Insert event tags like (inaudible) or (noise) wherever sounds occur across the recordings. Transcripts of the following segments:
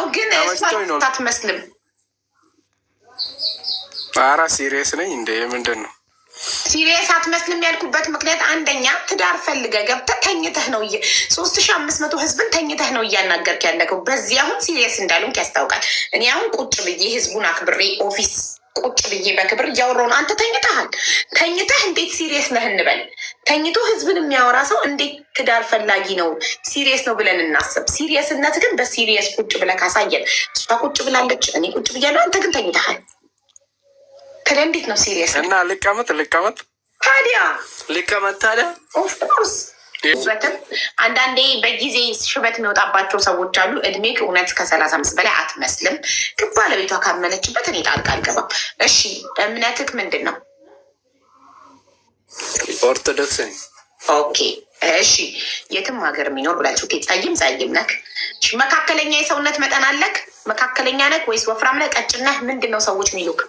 አዎ፣ ግን አትመስልም። ኧረ ሲሪየስ ነኝ እንደ ምንድን ነው ሲሪየስ አትመስልም ያልኩበት ምክንያት አንደኛ ትዳር ፈልገህ ገብተህ ተኝተህ ነው ሶስት ሺህ አምስት መቶ ህዝብን ተኝተህ ነው እያናገርክ ያለከው። በዚህ አሁን ሲሪየስ እንዳሉን ያስታውቃል። እኔ አሁን ቁጭ ብዬ ህዝቡን አክብሬ ኦፊስ ቁጭ ብዬ በክብር እያወራውን አንተ ተኝተሃል። ተኝተህ እንዴት ሲሪየስ ነህ እንበል። ተኝቶ ህዝብን የሚያወራ ሰው እንዴት ትዳር ፈላጊ ነው ሲሪየስ ነው ብለን እናስብ። ሲሪየስነት ግን በሲሪየስ ቁጭ ብለህ ካሳየን፣ እሷ ቁጭ ብላለች፣ እኔ ቁጭ ብያለሁ፣ አንተ ግን ተኝተሃል። ትለ እንዴት ነው ሲሪየስ እና ልቀመጥ ልቀመጥ ታዲያ ልቀመጥ ታዲያ ኦፍኮርስ ሽበትም አንዳንዴ በጊዜ ሽበት የሚወጣባቸው ሰዎች አሉ። እድሜ እውነት ከሰላሳ አምስት በላይ አትመስልም፣ ግን ባለቤቷ ካመነችበት እኔ ጣልቃ አልገባም። እሺ እምነትህ ምንድን ነው? ኦርቶዶክስ ነኝ። ኦኬ እሺ። የትም ሀገር የሚኖር ብላችሁ ጸይም ጸይም ነክ መካከለኛ የሰውነት መጠን አለክ? መካከለኛ ነክ ወይስ ወፍራም ነህ? ቀጭን ነህ? ምንድን ነው ሰዎች የሚሉክ?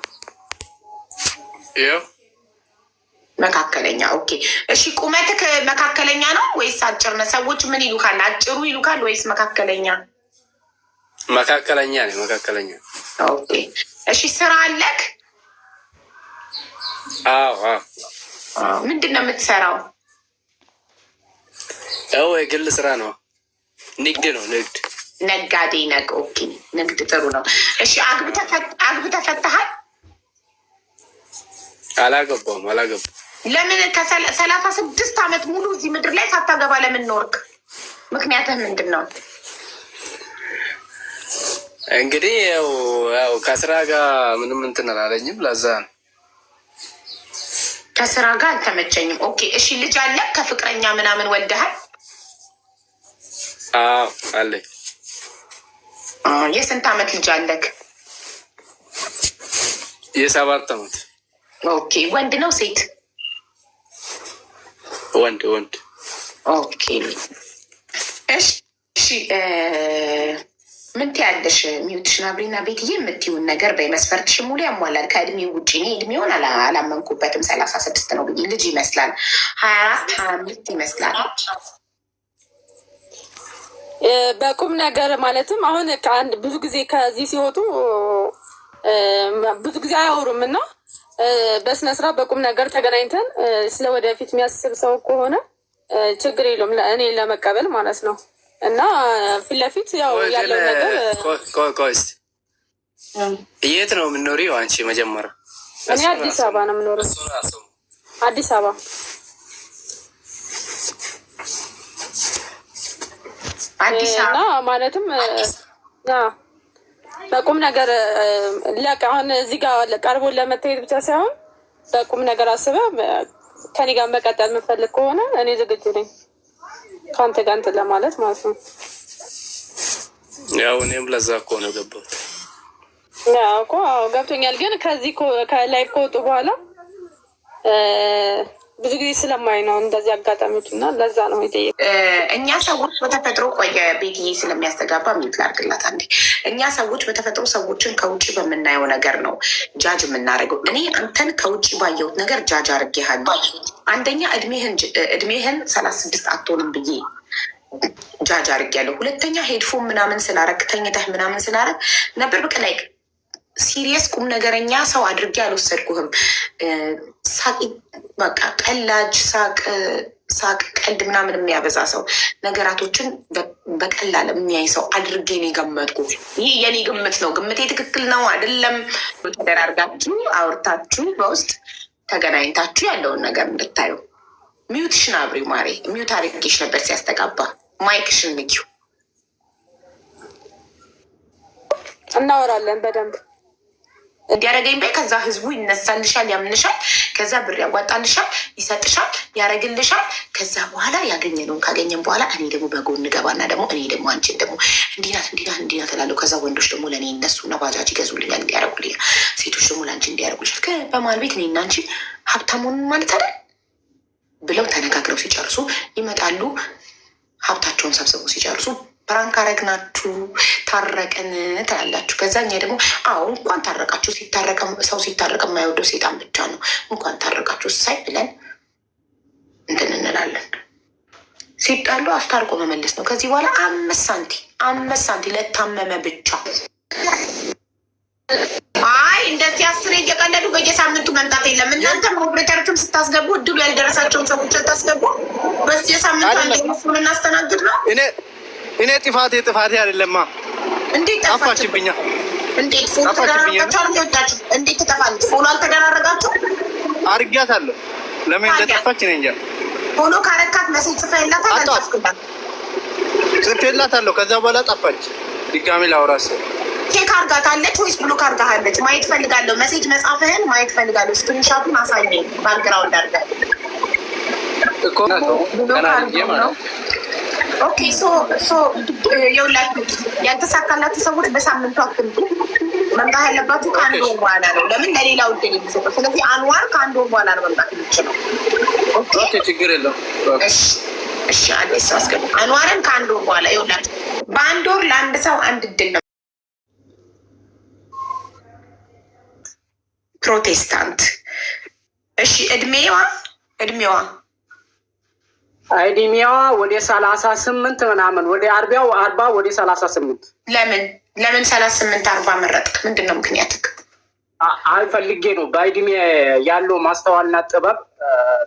መካከለኛ ኦኬ። እሺ ቁመትክ መካከለኛ ነው ወይስ አጭር ነው? ሰዎች ምን ይሉካል? አጭሩ ይሉካል ወይስ መካከለኛ? መካከለኛ ነው። መካከለኛ ኦኬ። እሺ ስራ አለክ? አዎ ምንድን ነው የምትሰራው? ያው የግል ስራ ነው። ንግድ ነው። ንግድ ነጋዴ ነቅ። ኦኬ ንግድ ጥሩ ነው። እሺ አግብተ ፈትሃል? አላገባውም ለምን ከሰላሳ ስድስት ዓመት ሙሉ እዚህ ምድር ላይ ሳታገባ ለምን ኖርክ? ምክንያትህ ምንድን ነው? እንግዲህ ያው ያው ከስራ ጋር ምንም እንትን አላለኝም። ለዛ ነው ከስራ ጋር አልተመቸኝም። ኦኬ እሺ፣ ልጅ አለ ከፍቅረኛ ምናምን ወልደሃል? አዎ አለኝ። የስንት ዓመት ልጅ አለክ? የሰባት ዓመት ኦኬ። ወንድ ነው ሴት? ወንድ ወንድ። ኦኬ እሺ። ምን ትያለሽ? ሚውትሽን አብሪና ቤትዬ የምትይውን ነገር በመስፈርትሽ ሙሉ ያሟላል። ከእድሜው ውጭ እኔ እድሜውን አላመንኩበትም። ሰላሳ ስድስት ነው ብዬ ልጅ ይመስላል። ሀያ አራት ሀያ አምስት ይመስላል። በቁም ነገር ማለትም አሁን ብዙ ጊዜ ከዚህ ሲወጡ ብዙ ጊዜ አያወሩም እና በስነ ስርዓት በቁም ነገር ተገናኝተን ስለ ወደፊት የሚያስብ ሰው ከሆነ ችግር የለውም፣ እኔ ለመቀበል ማለት ነው። እና ፊት ለፊት ያው ያለው ነገር የት ነው የምኖሪው አንቺ? መጀመሪያ እኔ አዲስ አበባ ነው የምኖረው። አዲስ አበባ እና ማለትም በቁም ነገር ለቅ አሁን እዚህ ጋር ቀርቦ ለመታየት ብቻ ሳይሆን በቁም ነገር አስበ ከኔ ጋር መቀጠል የምፈልግ ከሆነ እኔ ዝግጁ ነኝ ከአንተ ጋር እንትን ለማለት ማለት ነው። ያው እኔም ለዛ እኮ ነው ገባሁት እኮ ገብቶኛል። ግን ከዚህ ከላይ ከወጡ በኋላ ብዙ ጊዜ ስለማይ ነው እንደዚህ አጋጣሚዎች እና ለዛ ነው የጠየቅ እኛ ሰዎች በተፈጥሮ ቆየ ቤትዬ ስለሚያስተጋባ ሚት ላድርግላት አንዴ። እኛ ሰዎች በተፈጥሮ ሰዎችን ከውጭ በምናየው ነገር ነው ጃጅ የምናደርገው። እኔ አንተን ከውጭ ባየሁት ነገር ጃጅ አድርጌሃለሁ። አንደኛ እድሜህን ሰላሳ ስድስት አትሆንም ብዬ ጃጅ አድርጌያለሁ። ሁለተኛ ሄድፎን ምናምን ስላረግ ተኝተህ ምናምን ስላረግ ነበር በቃ ላይክ ሲሪየስ ቁም ነገረኛ ሰው አድርጌ አልወሰድኩህም። ሳቅ በቃ ቀላጅ ሳቅ ሳቅ ቀልድ ምናምን የሚያበዛ ሰው ነገራቶችን በቀላል የሚያይ ሰው አድርጌ ነው የገመጥኩ። ይህ የኔ ግምት ነው። ግምቴ ትክክል ነው አይደለም። ተደራርጋችሁ አውርታችሁ በውስጥ ተገናኝታችሁ ያለውን ነገር እንድታዩ። ሚዩትሽን አብሪው ማሬ። ሚዩት አድርጌሽ ነበር ሲያስተጋባ። ማይክሽን ምኪው። እናወራለን በደንብ እንዲያደረገኝ በይ። ከዛ ህዝቡ ይነሳልሻል፣ ያምንሻል። ከዛ ብር ያዋጣልሻል፣ ይሰጥሻል፣ ያደረግልሻል። ከዛ በኋላ ያገኘነውን ካገኘን በኋላ እኔ ደግሞ በጎን ገባና ደግሞ እኔ ደግሞ አንቺን ደግሞ እንዲናት እንዲናት እንዲናት እላለሁ። ከዛ ወንዶች ደግሞ ለእኔ እነሱና ባጃጅ ይገዙልኛል፣ እንዲያደረጉልኛል። ሴቶች ደግሞ ለአንቺ እንዲያደረጉልሻል። በማን ቤት እኔና አንቺ ሀብታሙን ማለት አይደል ብለው ተነጋግረው ሲጨርሱ ይመጣሉ። ሀብታቸውን ሰብስበው ሲጨርሱ ፕራንክ አረግናችሁ ታረቅን ትላላችሁ። ከዛ እኛ ደግሞ አዎ እንኳን ታረቃችሁ። ሰው ሲታረቅ የማይወደው ሴጣን ብቻ ነው። እንኳን ታረቃችሁ ሳይ ብለን እንትን እንላለን። ሲጣሉ አስታርቆ መመለስ ነው። ከዚህ በኋላ አምስት ሳንቲ አምስት ሳንቲ ለታመመ ብቻ። አይ እንደዚህ አስር እየቀለዱ በየሳምንቱ መምጣት የለም። እናንተም ኦፕሬተሮችም ስታስገቡ እድሉ ያልደረሳቸውን ሰዎች ታስገቡ። በየሳምንቱ አንድ ሰው እናስተናግድ ነው እኔ ጥፋቴ ጥፋቴ አይደለማ። እንዴት ጠፋችብኛ? እንዴት ፎሎ ተደራረጋችሁ? እንዴት ትጠፋለች? ፎሎ አልተደራረጋችሁ? አድርጊያታለሁ። ለምን እንደጠፋች እኔ እንጃ። ፎሎ ካረካት መሴጅ ጽፈህላታል? አልጻፍክላት? ጽፌላታለሁ። ከዛ በኋላ ጠፋች። ድጋሜ ላውራስ ቼክ አርጋታለች ወይስ ብሎክ አርጋታለች? ማየት ፈልጋለሁ። መሴጅ መጻፍህን ማየት ፈልጋለሁ። ስክሪንሻቱን አሳየኝ። እኮ ነው ኦኬ ሶ ሶ የሁላችሁ ሰዎች በሳምንቱ አክምቱ መምጣት ያለባችሁ ከአንድ ወር በኋላ ነው። ለምን የሚሰጠው? ስለዚህ አንዋር ከአንድ ወር በኋላ ነው መምጣት የሚችለው። ችግር የለው። እሺ አዲስ ሰው አስገቡ። አንዋርን ከአንድ ወር በኋላ በአንድ ወር ለአንድ ሰው አንድ እድል ነው። ፕሮቴስታንት እሺ፣ እድሜዋ እድሜዋ እድሜዋ ወደ ሰላሳ ስምንት ምናምን ወደ አርቢያው አርባ ወደ ሰላሳ ስምንት ለምን ለምን ሰላሳ ስምንት አርባ መረጥክ? ምንድን ነው ምክንያትክ? አልፈልጌ ነው በእድሜ ያለው ማስተዋልና ጥበብ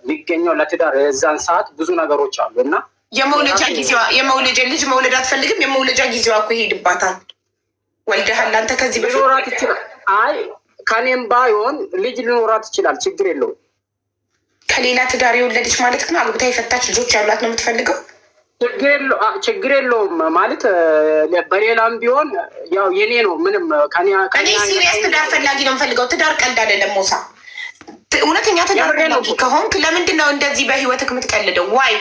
ሊገኘው ለትዳር የዛን ሰዓት ብዙ ነገሮች አሉ እና የመውለጃ ጊዜዋ የመውለጃ ልጅ መውለድ አትፈልግም። የመውለጃ ጊዜዋ እኮ ይሄድባታል። ወልደሃል አንተ ከዚህ ሊኖራት ይችላል። አይ ከኔም ባይሆን ልጅ ሊኖራት ይችላል። ችግር የለውም ከሌላ ትዳር የወለደች ማለት ግን አግብታ የፈታች ልጆች ያሏት ነው የምትፈልገው። ችግር የለውም ማለት በሌላም ቢሆን ያው የኔ ነው። ምንም እኔ ሲሪየስ ትዳር ፈላጊ ነው የምፈልገው። ትዳር ቀልድ አይደለም ሞሳ። እውነተኛ ትዳር ፈላጊ ከሆንክ ለምንድን ነው እንደዚህ በህይወትህ የምትቀልደው? ዋይ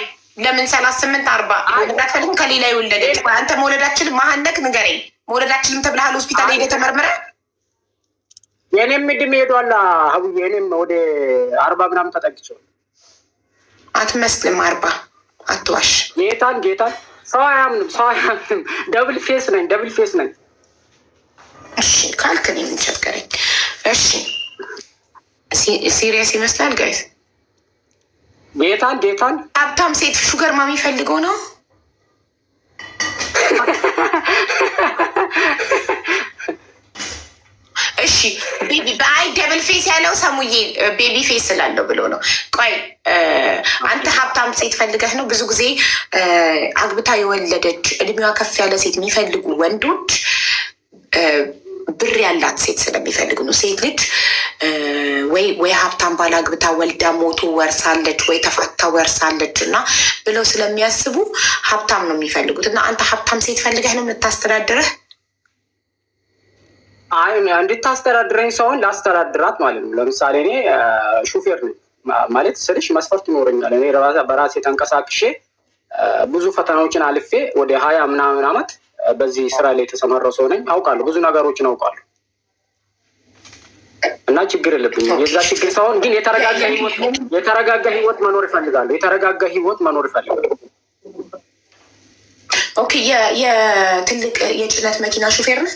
ለምን ሰላሳ ስምንት አርባ ዳትፈልግም ከሌላ የወለደች አንተ መውለዳችን መሀነክ ንገረኝ። መውለዳችንም ተብለሃል ሆስፒታል ሄደህ ተመርምረህ የእኔም እድሜ ሄዷል። ሀቡዬ፣ እኔም ወደ አርባ ምናምን ተጠግቼው አትመስልም። አርባ አትዋሽ። ጌታን ጌታን ሰው አያምንም፣ ሰው አያምንም። ደብል ፌስ ነኝ፣ ደብል ፌስ ነኝ። እሺ ካልክ እኔ ምን ቸገረኝ። እሺ ሲሪየስ ይመስላል ጋይስ። ጌታን ጌታን ሀብታም ሴት ሹገር ማሚ ፈልገው ነው (laughs) በአይ ደብል ፌስ ያለው ሰሙዬ ቤቢ ፌስ ስላለው ብሎ ነው። ቆይ አንተ ሀብታም ሴት ፈልገህ ነው? ብዙ ጊዜ አግብታ የወለደች እድሜዋ ከፍ ያለ ሴት የሚፈልጉ ወንዶች ብር ያላት ሴት ስለሚፈልግ ነው። ሴት ልጅ ወይ ወይ ሀብታም ባል አግብታ ወልዳ ሞቶ ወርሳለች፣ ወይ ተፋታ ወርሳለች እና ብለው ስለሚያስቡ ሀብታም ነው የሚፈልጉት እና አንተ ሀብታም ሴት ፈልገህ ነው የምታስተዳድረህ አይ እንድታስተዳድረኝ ሰውን ላስተዳድራት ማለት ነው። ለምሳሌ እኔ ሹፌር ነኝ ማለት ስልሽ መስፈርት ይኖረኛል። እኔ በራሴ ተንቀሳቅሼ ብዙ ፈተናዎችን አልፌ ወደ ሀያ ምናምን አመት በዚህ ስራ ላይ የተሰማረ ሰው ነኝ። አውቃለሁ፣ ብዙ ነገሮችን አውቃለሁ እና ችግር የለብኝም። የዛ ችግር ሳይሆን ግን የተረጋጋ ህይወት የተረጋጋ ህይወት መኖር ይፈልጋለሁ። የተረጋጋ ህይወት መኖር ይፈልጋለሁ። ኦኬ፣ የትልቅ የጭነት መኪና ሹፌር ነህ?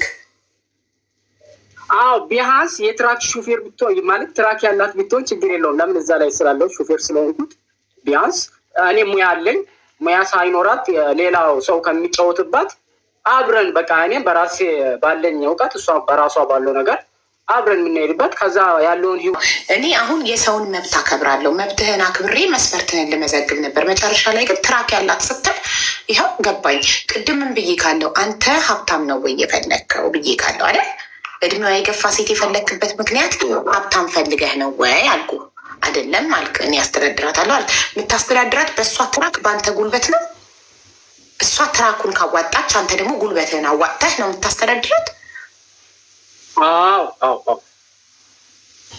አዎ ቢያንስ የትራክ ሹፌር ብትሆን ማለት ትራክ ያላት ብትሆን ችግር የለውም። ለምን እዛ ላይ ስላለው ሹፌር ስለሆንኩት ቢያንስ እኔ ሙያ አለኝ። ሙያ ሳይኖራት ሌላው ሰው ከሚጫወትባት አብረን በቃ እኔ በራሴ ባለኝ እውቀት እሷ በራሷ ባለው ነገር አብረን የምንሄድበት ከዛ ያለውን ህይወት እኔ አሁን የሰውን መብት አከብራለሁ። መብትህን አክብሬ መስፈርትህን ልመዘግብ ነበር። መጨረሻ ላይ ግን ትራክ ያላት ስትል ይኸው ገባኝ። ቅድምን ብዬ ካለው አንተ ሀብታም ነው ወይ የፈለግከው ብዬ ካለው አይደል እድሜዋ የገፋ ሴት የፈለክበት ምክንያት ሀብታም ፈልገህ ነው ወይ አልኩ። አይደለም አልክ። እኔ አስተዳድራታለሁ አልክ። የምታስተዳድራት በእሷ ትራክ በአንተ ጉልበት ነው። እሷ ትራኩን ካዋጣች፣ አንተ ደግሞ ጉልበትህን አዋጥተህ ነው የምታስተዳድራት።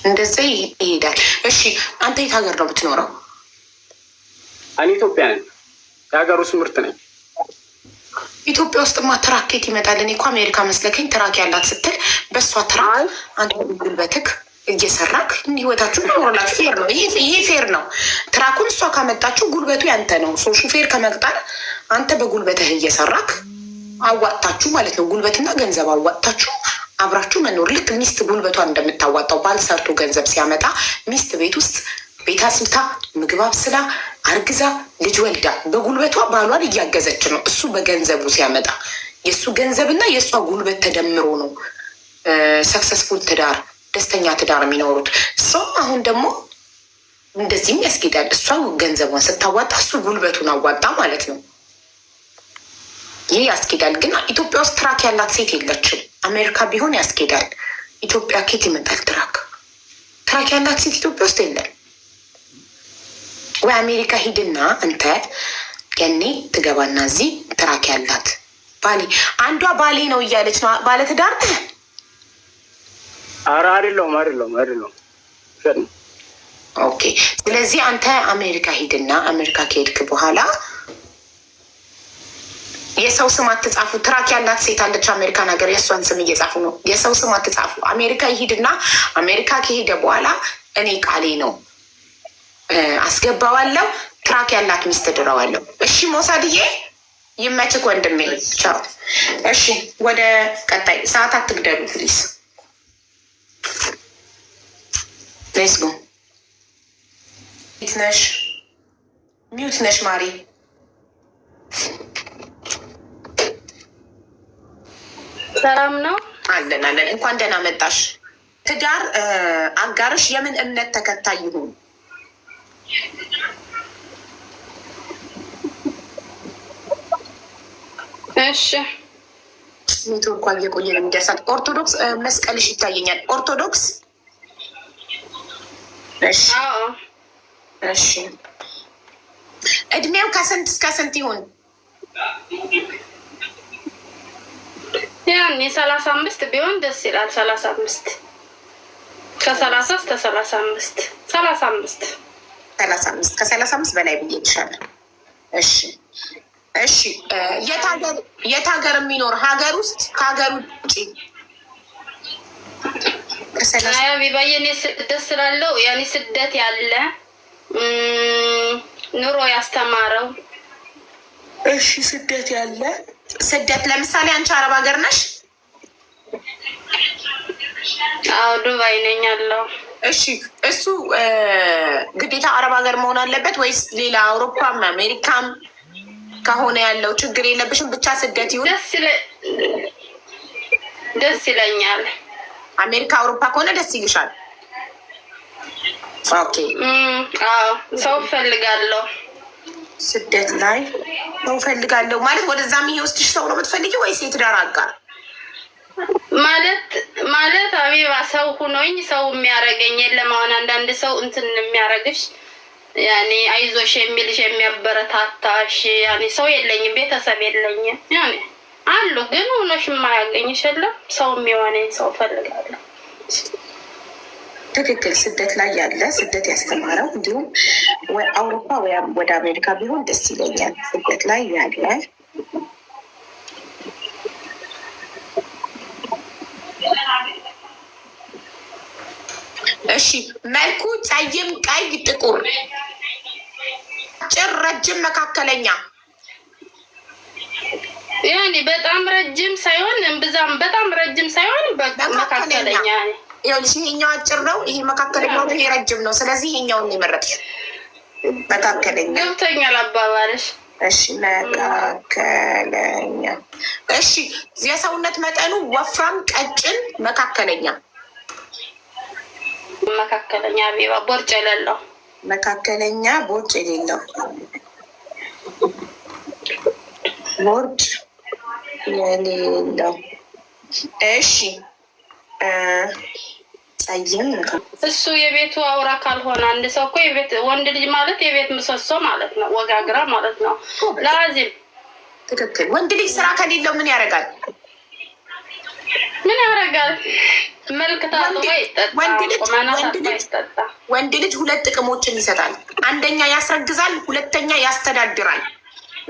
እንደዛ ይሄዳል። እሺ አንተ የት ሀገር ነው የምትኖረው? እኔ ኢትዮጵያ ነኝ። የሀገር ውስጥ ምርት ነኝ ኢትዮጵያ ውስጥማ ትራኬት ይመጣል። እኔ እኮ አሜሪካ መስለከኝ ትራክ ያላት ስትል በእሷ ትራክ አንተ ጉልበትክ እየሰራክ ህይወታችሁ ኖረላችሁ። ፌር ነው ይሄ ፌር ነው። ትራኩን እሷ ካመጣችሁ ጉልበቱ ያንተ ነው። ሶ ሹፌር ከመቅጠር አንተ በጉልበትህ እየሰራክ አዋጣችሁ ማለት ነው። ጉልበትና ገንዘብ አዋጣችሁ አብራችሁ መኖር ልክ ሚስት ጉልበቷን እንደምታዋጣው ባል ሰርቶ ገንዘብ ሲያመጣ ሚስት ቤት ውስጥ ቤት አስምታ ምግብ አብስላ አርግዛ ልጅ ወልዳ በጉልበቷ ባሏን እያገዘች ነው። እሱ በገንዘቡ ሲያመጣ የእሱ ገንዘብና የእሷ ጉልበት ተደምሮ ነው ሰክሰስፉል ትዳር፣ ደስተኛ ትዳር የሚኖሩት ሰው። አሁን ደግሞ እንደዚህም ያስጌዳል። እሷ ገንዘቧን ስታዋጣ እሱ ጉልበቱን አዋጣ ማለት ነው። ይህ ያስጌዳል። ግን ኢትዮጵያ ውስጥ ትራክ ያላት ሴት የለችም። አሜሪካ ቢሆን ያስጌዳል። ኢትዮጵያ ኬት ይመጣል ትራክ? ትራክ ያላት ሴት ኢትዮጵያ ውስጥ የለም። ወይ አሜሪካ ሂድና አንተ ያኔ ትገባና እዚህ ትራክ ያላት ባሌ አንዷ ባሌ ነው እያለች ነው ባለትዳር ኧረ አይደለሁም አይደለሁም አይደለሁም ኦኬ ስለዚህ አንተ አሜሪካ ሂድና አሜሪካ ከሄድክ በኋላ የሰው ስም አትጻፉ። ትራክ ያላት ሴት አለች አሜሪካ ነገር፣ የእሷን ስም እየጻፉ ነው። የሰው ስም አትጻፉ። አሜሪካ ይሂድና አሜሪካ ከሄደ በኋላ እኔ ቃሌ ነው አስገባዋለሁ። ትራክ ያላት ሚስት ድረዋለሁ። እሺ ሞሳድዬ ይመችክ ወንድሜ፣ ቻው። እሺ ወደ ቀጣይ ሰዓት አትግደሉ ፕሊስ። ሌስ ጎ ነሽ ሚዩት ነሽ ማሪ ሰላም ነው አለን አለን። እንኳን ደህና መጣሽ። ትዳር አጋርሽ የምን እምነት ተከታይ ይሁን? እሺ ኔትወርኳ እየቆየ ነው የሚደርሳት። ኦርቶዶክስ መስቀልሽ ይታየኛል። ኦርቶዶክስ እሺ። እድሜው ከስንት እስከ ስንት ይሁን? ያን የሰላሳ አምስት ቢሆን ደስ ይላል። ሰላሳ አምስት ከሰላሳ እስከ ሰላሳ አምስት ሰላሳ አምስት ሰላሳ አምስት ከሰላሳ አምስት በላይ ብዬ ይሻላል። እሺ እሺ። የት ሀገር የሚኖር ሀገር ውስጥ ከሀገር ውጭ ቢባዬ ስደት ስላለው ያኔ ስደት ያለ ኑሮ ያስተማረው እሺ ስደት ያለ ስደት ለምሳሌ አንቺ አረብ ሀገር ነሽ? አዎ ዱባይ ነኝ አለው። እሺ እሱ ግዴታ አረብ ሀገር መሆን አለበት ወይስ ሌላ አውሮፓም አሜሪካም ከሆነ ያለው ችግር የለብሽም? ብቻ ስደት ይሁን ደስ ይለኛል። አሜሪካ አውሮፓ ከሆነ ደስ ይልሻል? ኦኬ ሰው ፈልጋለሁ። ስደት ላይ ሰው ፈልጋለሁ ማለት ወደዛም ውስጥሽ ሰው ነው የምትፈልጊው ወይስ የትዳር አጋር ማለት ማለት አቢባ ሰው ሁኖኝ ሰው የሚያረገኝ የለም። አሁን አንዳንድ ሰው እንትን የሚያረግሽ ያኔ አይዞሽ የሚልሽ የሚያበረታታሽ ያኔ ሰው የለኝም ቤተሰብ የለኝም ያኔ አሉ ግን ሁኖሽ የማያገኝሽ የለም። ሰው የሚሆነኝ ሰው ፈልጋለሁ። ትክክል። ስደት ላይ ያለ ስደት ያስተማረው እንዲሁም አውሮፓ ወደ አሜሪካ ቢሆን ደስ ይለኛል። ስደት ላይ ያለ እሺ መልኩ ጸይም፣ ቀይ፣ ጥቁር፣ አጭር፣ ረጅም፣ መካከለኛ። ያኔ በጣም ረጅም ሳይሆን እምብዛም በጣም ረጅም ሳይሆን መካከለኛ። ይኸውልሽ ይሄኛው አጭር ነው፣ ይሄ መካከለኛ ነው፣ ይሄ ረጅም ነው። ስለዚህ ይሄኛውን የመረጥሽ መካከለኛ። ገብቶኛል አባባልሽ። እሺ መካከለኛ። እሺ የሰውነት መጠኑ ወፍራም፣ ቀጭን፣ መካከለኛ መካከለኛ ቢባ ቦርጭ የሌለው መካከለኛ ቦርጭ የሌለው ቦርጭ የሌለው እሺ እሱ የቤቱ አውራ ካልሆነ አንድ ሰው እኮ የቤት ወንድ ልጅ ማለት የቤት ምሰሶ ማለት ነው፣ ወጋግራ ማለት ነው። ለዚህ ትክክል ወንድ ልጅ ስራ ከሌለው ምን ያደርጋል? ምን ያደርጋል? ወንድ ልጅ ሁለት ጥቅሞችን ይሰጣል። አንደኛ ያስረግዛል፣ ሁለተኛ ያስተዳድራል።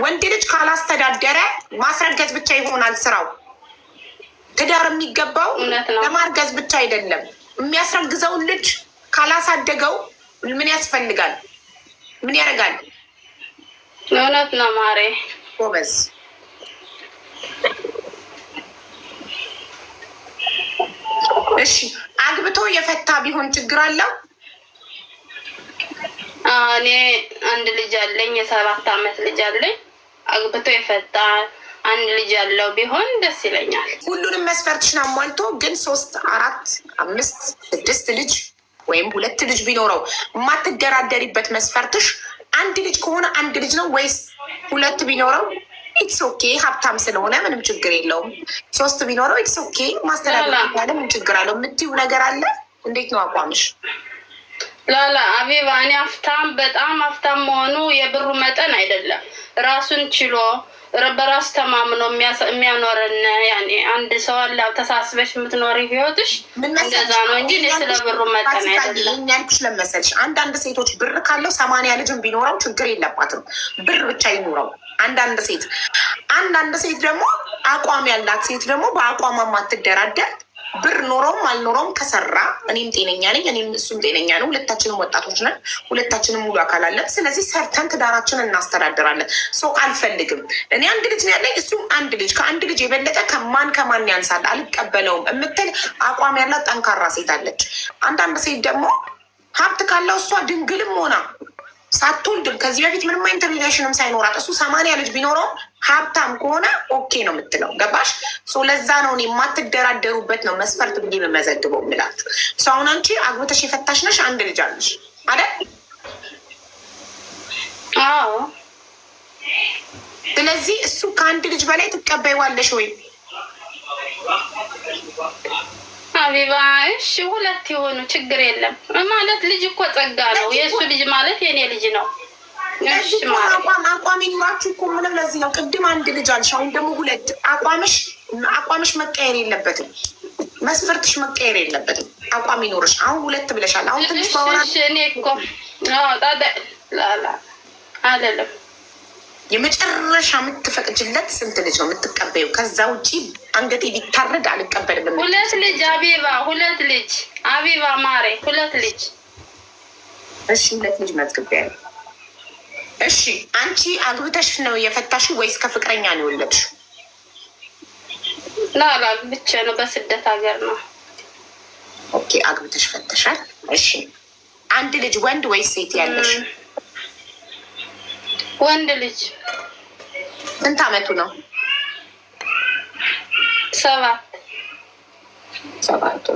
ወንድ ልጅ ካላስተዳደረ ማስረገዝ ብቻ ይሆናል ስራው። ትዳር የሚገባው ለማርገዝ ብቻ አይደለም። የሚያስረግዘውን ልጅ ካላሳደገው ምን ያስፈልጋል? ምን ያደርጋል? እውነት ነው ማሬ ጎበዝ እሺ አግብቶ የፈታ ቢሆን ችግር አለው? እኔ አንድ ልጅ አለኝ፣ የሰባት አመት ልጅ አለኝ። አግብቶ የፈታ አንድ ልጅ ያለው ቢሆን ደስ ይለኛል። ሁሉንም መስፈርትሽን አሟልቶ ግን ሶስት፣ አራት፣ አምስት፣ ስድስት ልጅ ወይም ሁለት ልጅ ቢኖረው የማትደራደሪበት መስፈርትሽ አንድ ልጅ ከሆነ አንድ ልጅ ነው ወይስ ሁለት ቢኖረው ኢትስ ኦኬ ሀብታም ስለሆነ ምንም ችግር የለውም። ሶስት ቢኖረው ኢትስ ኦኬ ማስተዳደር ያለ ምን ችግር አለው የምትይው ነገር አለ። እንዴት ነው አቋምሽ? ላላ አቤባ፣ እኔ ሀብታም በጣም ሀብታም መሆኑ የብሩ መጠን አይደለም ራሱን ችሎ በራሱ ተማምኖ የሚያኖርን ያኔ አንድ ሰው አለ። ተሳስበሽ የምትኖር ህይወትሽ እንደዛ ነው እንጂ ስለ ብሩ መጠን አይደለም ያልኩሽ። ለመሰልሽ አንዳንድ ሴቶች ብር ካለው ሰማንያ ልጅም ቢኖረው ችግር የለባትም፣ ብር ብቻ ይኖረው። አንዳንድ ሴት አንዳንድ ሴት ደግሞ አቋም ያላት ሴት ደግሞ በአቋም የማትደራደር ብር ኖረውም አልኖረውም ከሰራ እኔም ጤነኛ ነኝ፣ እኔም እሱም ጤነኛ ነው። ሁለታችንም ወጣቶች ነን። ሁለታችንም ሙሉ አካል አለን። ስለዚህ ሰርተን ትዳራችን እናስተዳድራለን። ሰው አልፈልግም። እኔ አንድ ልጅ ያለኝ እሱም አንድ ልጅ፣ ከአንድ ልጅ የበለጠ ከማን ከማን ያንሳል አልቀበለውም የምትል አቋም ያላት ጠንካራ ሴት አለች። አንዳንድ ሴት ደግሞ ሀብት ካለው እሷ ድንግልም ሆና ሳትወልድም ከዚህ በፊት ምንም አይነት ሪሌሽንም ሳይኖራት እሱ ሰማንያ ልጅ ቢኖረውም ሀብታም ከሆነ ኦኬ ነው የምትለው። ገባሽ? ለዛ ነው የማትደራደሩበት ነው መስፈርት ብዬ የምመዘግበው የምላችሁ። አሁን አንቺ አግብተሽ የፈታሽ ነሽ፣ አንድ ልጅ አለሽ አይደል? አዎ። ስለዚህ እሱ ከአንድ ልጅ በላይ ትቀበይዋለሽ ወይም ሀቢባ እሺ፣ ሁለት የሆኑ ችግር የለም ማለት ልጅ እኮ ጸጋ ነው። የእሱ ልጅ ማለት የኔ ልጅ ነው። አቋም አቋም ይኖራችሁ እኮ ምንም። ለዚህ ነው ቅድም አንድ ልጅ አልሽ፣ አሁን ደግሞ ሁለት። አቋምሽ አቋምሽ መቀየር የለበትም። መስፈርትሽ መቀየር የለበትም። አቋም ይኖርሽ። አሁን ሁለት ብለሻል። አሁን ትንሽ ባወራ እኔ እኮ አይደለም የመጨረሻ የምትፈቅጅለት ስንት ልጅ ነው የምትቀበዩ? ከዛ ውጭ አንገቴ ቢታረድ አልቀበልም። ሁለት ልጅ አቢባ፣ ሁለት ልጅ አቢባ ማሬ፣ ሁለት ልጅ። እሺ ሁለት ልጅ መዝግቢያ። እሺ አንቺ አግብተሽ ነው የፈታሽ ወይስ ከፍቅረኛ ነው የወለድሽ? ላላ ብቻ ነው በስደት ሀገር ነው። ኦኬ አግብተሽ ፈተሻል። እሺ አንድ ልጅ ወንድ ወይስ ሴት ያለሽ? ወንድ ልጅ ስንት አመቱ ነው? ሰባት ሰባት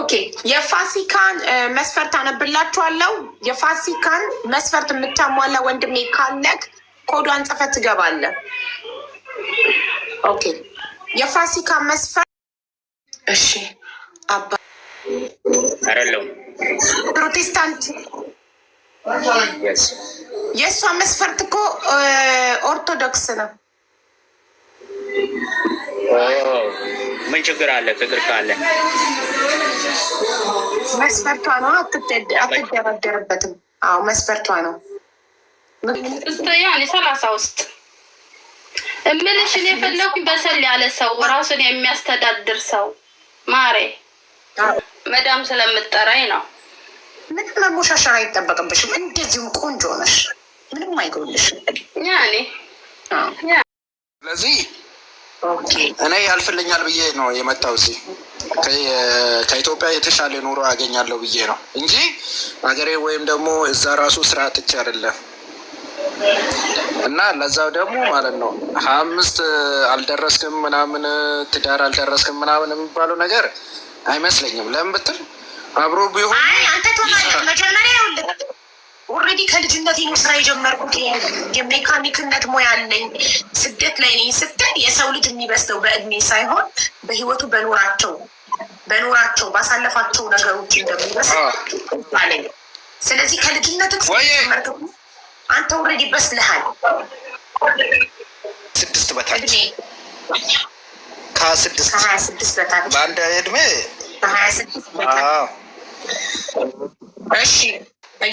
ኦኬ የፋሲካን መስፈርት አነብላችኋለሁ። የፋሲካን መስፈርት የምታሟላ ወንድሜ ካለክ ኮዷን ጽፈት ትገባለህ። ኦኬ የፋሲካን መስፈርት እሺ አባ አይደለሁም። ፕሮቴስታንት የእሷ መስፈርት እኮ ኦርቶዶክስ ነው። ምን ችግር አለ? ፍቅር ካለ መስፈርቷ ነው። አትደረደርበትም። አዎ መስፈርቷ ነው። ያኔ ሰላሳ ውስጥ እምልሽን የፈለኩኝ በሰል ያለ ሰው ራሱን የሚያስተዳድር ሰው ማሬ መዳም ስለምጠራኝ ነው። ምንም መሞሻሻር አይጠበቅብሽም። እንደዚሁም ቆንጆ ነሽ፣ ምንም አይጎልሽም። ያኔ ስለዚህ እኔ ያልፍልኛል ብዬ ነው የመጣው እዚህ ከኢትዮጵያ የተሻለ ኑሮ ያገኛለሁ ብዬ ነው እንጂ ሀገሬ ወይም ደግሞ እዛ ራሱ ስራ ትቼ አይደለም። እና ለዛው ደግሞ ማለት ነው ሀያ አምስት አልደረስክም ምናምን ትዳር አልደረስክም ምናምን የሚባለው ነገር አይመስለኝም። ለምን ብትል አብሮ ቢሆን አንተ ትሆናለህ። መጀመሪያ ኦልሬዲ ከልጅነት ነው ስራ የጀመርኩት። የሜካኒክነት ሙያ አለኝ። ስደት ላይ ነኝ ስትል የሰው ልጅ የሚበስተው በእድሜ ሳይሆን በህይወቱ በኖራቸው በኖራቸው ባሳለፋቸው ነገሮች እንደሚበስ ስለዚህ ከልጅነት ጀመርክ አንተ ኦልሬዲ በስልሃል። ስድስት በታች ከሀያ ስድስት በአንድ እድሜ እሺ።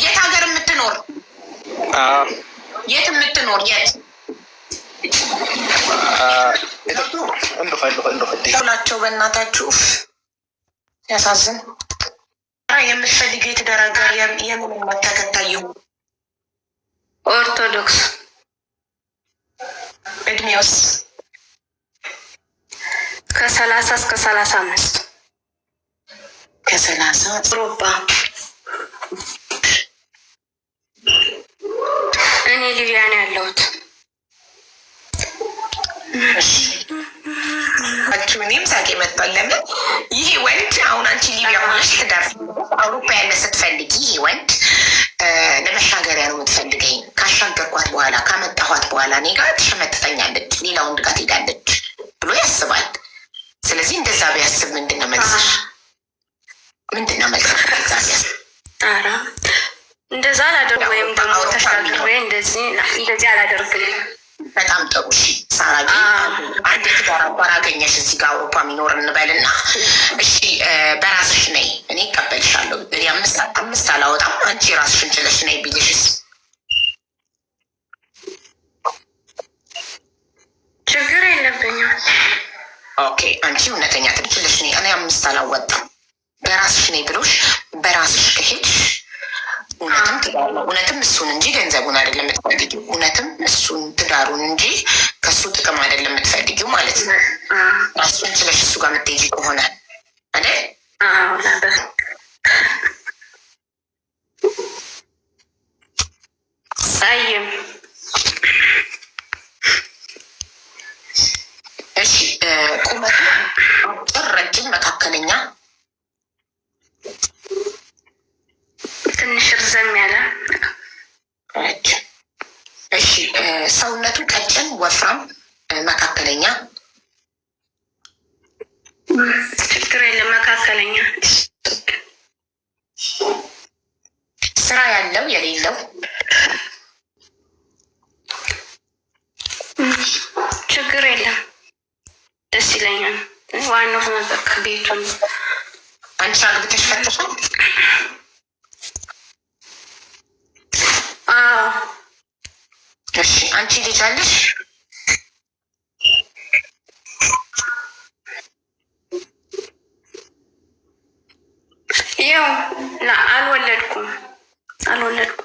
የት ሀገር የምትኖር? የት የምትኖር? የት ሁላቸው በእናታችሁ ያሳዝን። የምትፈልግ የትዳር የምን እምነት ኦርቶዶክስ። እድሜውስ ከሰላሳ እስከ ሰላሳ አምስት ከሰላሳ ሮባ እኔ ሊቢያ ነው ያለሁት። ምንም ሳቄ መጥቷል። ለምን ይሄ ወንድ አሁን አንቺ ሊቢያ ሆነሽ ትዳር አውሮፓ ያለ ስትፈልጊ ይሄ ወንድ ለመሻገሪያ ነው የምትፈልገኝ። ካሻገርኳት በኋላ ካመጣኋት በኋላ እኔ ጋር ትሸመጥተኛለች እንደዛ ቢያስብ ምንድን ነው መልስሽ? ምንድን ነው መልስሽ? እንደዛ ቢያስብ ኧረ እንደዛ አላደርግ ወይም ደግሞ ተሻግሬ እንደዚህ እንደዚህ አላደርግልም። በጣም ጥሩ እሺ። ሳራ አንድ ትዳር አጋር አገኘሽ እዚህ ጋር አውሮፓ የሚኖር እንበልና፣ እሺ በራስሽ ነይ እኔ ይቀበልሻለሁ። እንግዲህ አምስት አምስት አላወጣም አንቺ ራስሽን ችለሽ ነይ ቢልሽስ? ችግር የለብኛል ኦኬ አንቺ እውነተኛ ትችልሽ ነ እኔ አምስት አላወጣም በራስሽ ነይ ብሎሽ በራስሽ ከሄድሽ እውነትም ትዳሩ እውነትም እሱን እንጂ ገንዘቡን አይደለም የምትፈልጊው። እውነትም እሱን ትዳሩን እንጂ ከሱ ጥቅም አይደለም የምትፈልጊው ማለት ነው። ራሱን ችለሽ እሱ ጋር የምትሄጂ ከሆነ አደ አይም ቁመቱ አጭር፣ ረጅም፣ መካከለኛ ትንሽ ርዘም ያለ እሺ። ሰውነቱ ቀጭን፣ ወፍራም፣ መካከለኛ ችግር የለም መካከለኛ። ስራ ያለው የሌለው ችግር የለም። ደስ ይለኛል። ዋናው በቃ ቤቱን አንቺ አግብተሽ ፈተሽ እሺ አንቺ ልጅ አለሽ? ያው አልወለድኩም አልወለድኩም